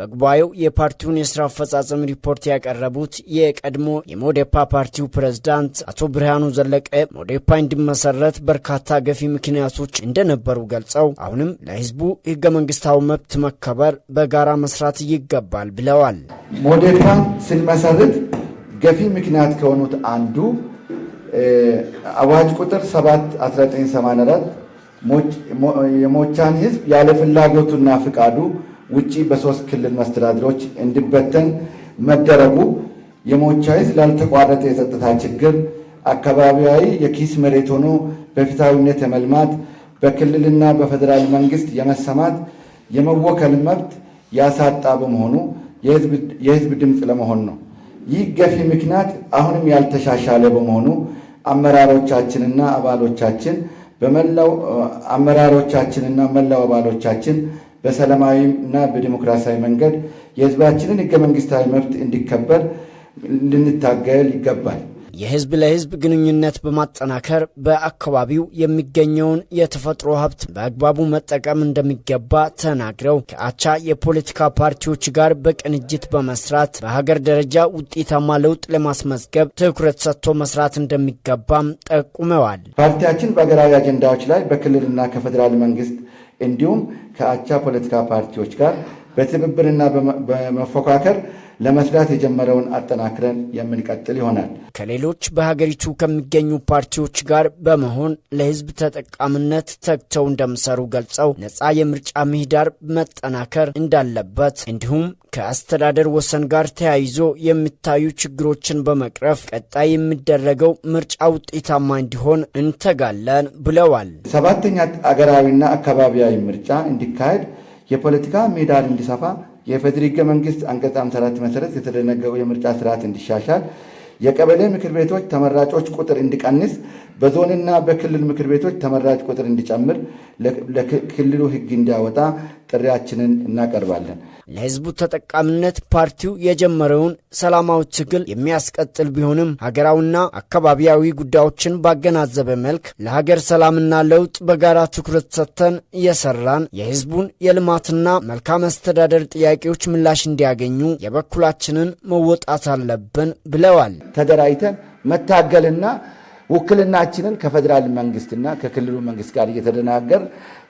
በጉባኤው የፓርቲውን የስራ አፈጻጸም ሪፖርት ያቀረቡት የቀድሞ የሞዴፓ ፓርቲው ፕሬዝዳንት አቶ ብርሃኑ ዘለቀ ሞዴፓ እንዲመሰረት በርካታ ገፊ ምክንያቶች እንደነበሩ ገልጸው አሁንም ለህዝቡ ህገ መንግስታዊ መብት መከበር በጋራ መስራት ይገባል ብለዋል። ሞዴፓ ስንመሰርት ገፊ ምክንያት ከሆኑት አንዱ አዋጅ ቁጥር 7 1984 የሞቻን ህዝብ ያለ ፍላጎቱና ፍቃዱ ውጪ በሶስት ክልል መስተዳድሮች እንዲበተን መደረጉ የሞቻ ላልተቋረጠ የጸጥታ ችግር አካባቢያዊ የኪስ መሬት ሆኖ በፊታዊነት የመልማት በክልልና በፌዴራል መንግስት የመሰማት የመወከል መብት ያሳጣ በመሆኑ የህዝብ ድምፅ ለመሆን ነው። ይህ ገፊ ምክንያት አሁንም ያልተሻሻለ በመሆኑ አመራሮቻችንና አባሎቻችን በመላው አመራሮቻችንና መላው አባሎቻችን በሰላማዊ እና በዲሞክራሲያዊ መንገድ የህዝባችንን ህገ መንግስታዊ መብት እንዲከበር ልንታገል ይገባል። የህዝብ ለህዝብ ግንኙነት በማጠናከር በአካባቢው የሚገኘውን የተፈጥሮ ሀብት በአግባቡ መጠቀም እንደሚገባ ተናግረው ከአቻ የፖለቲካ ፓርቲዎች ጋር በቅንጅት በመስራት በሀገር ደረጃ ውጤታማ ለውጥ ለማስመዝገብ ትኩረት ሰጥቶ መስራት እንደሚገባም ጠቁመዋል። ፓርቲያችን በሀገራዊ አጀንዳዎች ላይ በክልልና ከፌዴራል መንግስት እንዲሁም ከአቻ ፖለቲካ ፓርቲዎች ጋር በትብብርና በመፎካከር ለመስራት የጀመረውን አጠናክረን የምንቀጥል ይሆናል። ከሌሎች በሀገሪቱ ከሚገኙ ፓርቲዎች ጋር በመሆን ለህዝብ ተጠቃሚነት ተግተው እንደሚሰሩ ገልጸው ነፃ የምርጫ ምህዳር መጠናከር እንዳለበት እንዲሁም ከአስተዳደር ወሰን ጋር ተያይዞ የሚታዩ ችግሮችን በመቅረፍ ቀጣይ የሚደረገው ምርጫ ውጤታማ እንዲሆን እንተጋለን ብለዋል። ሰባተኛ አገራዊና አካባቢያዊ ምርጫ እንዲካሄድ የፖለቲካ ምህዳር እንዲሰፋ የኢፌዴሪ መንግስት መንግሥት አንቀጽ 54 መሰረት የተደነገገው የምርጫ ስርዓት እንዲሻሻል፣ የቀበሌ ምክር ቤቶች ተመራጮች ቁጥር እንዲቀንስ በዞንና በክልል ምክር ቤቶች ተመራጭ ቁጥር እንዲጨምር ለክልሉ ሕግ እንዲያወጣ ጥሪያችንን እናቀርባለን። ለሕዝቡ ተጠቃሚነት ፓርቲው የጀመረውን ሰላማዊ ትግል የሚያስቀጥል ቢሆንም ሀገራዊና አካባቢያዊ ጉዳዮችን ባገናዘበ መልክ ለሀገር ሰላምና ለውጥ በጋራ ትኩረት ሰጥተን እየሰራን የሕዝቡን የልማትና መልካም አስተዳደር ጥያቄዎች ምላሽ እንዲያገኙ የበኩላችንን መወጣት አለብን ብለዋል። ተደራጅተን መታገልና ውክልናችንን ከፌዴራል መንግስትና ከክልሉ መንግስት ጋር እየተደናገር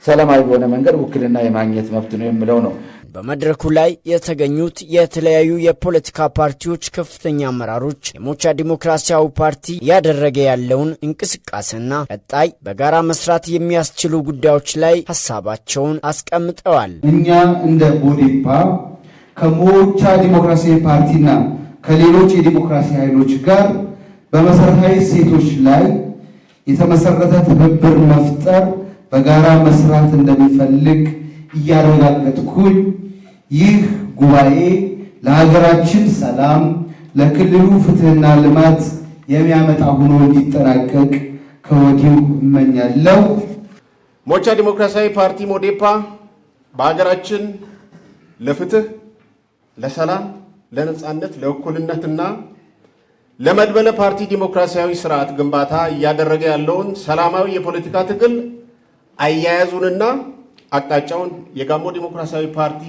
ሰላማዊ በሆነ መንገድ ውክልና የማግኘት መብት ነው የሚለው ነው። በመድረኩ ላይ የተገኙት የተለያዩ የፖለቲካ ፓርቲዎች ከፍተኛ አመራሮች የሞቻ ዲሞክራሲያዊ ፓርቲ እያደረገ ያለውን እንቅስቃሴና ቀጣይ በጋራ መስራት የሚያስችሉ ጉዳዮች ላይ ሀሳባቸውን አስቀምጠዋል። እኛ እንደ ቦዴፓ ከሞቻ ዲሞክራሲያዊ ፓርቲና ከሌሎች የዲሞክራሲ ኃይሎች ጋር በመሰረታዊ ሴቶች ላይ የተመሰረተ ትብብር መፍጠር በጋራ መስራት እንደሚፈልግ እያረጋገጥኩኝ ይህ ጉባኤ ለሀገራችን ሰላም፣ ለክልሉ ፍትህና ልማት የሚያመጣ ሆኖ እንዲጠናቀቅ ከወዲሁ እመኛለሁ። ሞቻ ዲሞክራሲያዊ ፓርቲ ሞዴፓ በሀገራችን ለፍትህ፣ ለሰላም፣ ለነፃነት፣ ለእኩልነትና ለመድበለ ፓርቲ ዲሞክራሲያዊ ስርዓት ግንባታ እያደረገ ያለውን ሰላማዊ የፖለቲካ ትግል አያያዙንና አቅጣጫውን የጋሞ ዲሞክራሲያዊ ፓርቲ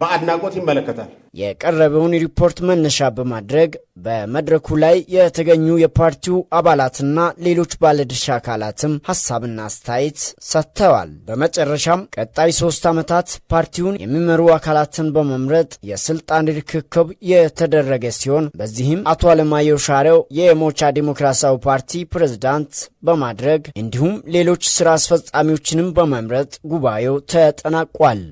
በአድናቆት ይመለከታል። የቀረበውን ሪፖርት መነሻ በማድረግ በመድረኩ ላይ የተገኙ የፓርቲው አባላትና ሌሎች ባለድርሻ አካላትም ሀሳብና አስተያየት ሰጥተዋል። በመጨረሻም ቀጣይ ሶስት ዓመታት ፓርቲውን የሚመሩ አካላትን በመምረጥ የስልጣን ርክክብ የተደረገ ሲሆን በዚህም አቶ አለማየሁ ሻረው የሞቻ ዴሞክራሲያዊ ፓርቲ ፕሬዝዳንት በማድረግ እንዲሁም ሌሎች ስራ አስፈጻሚዎችንም በመምረጥ ጉባኤው ተጠናቋል።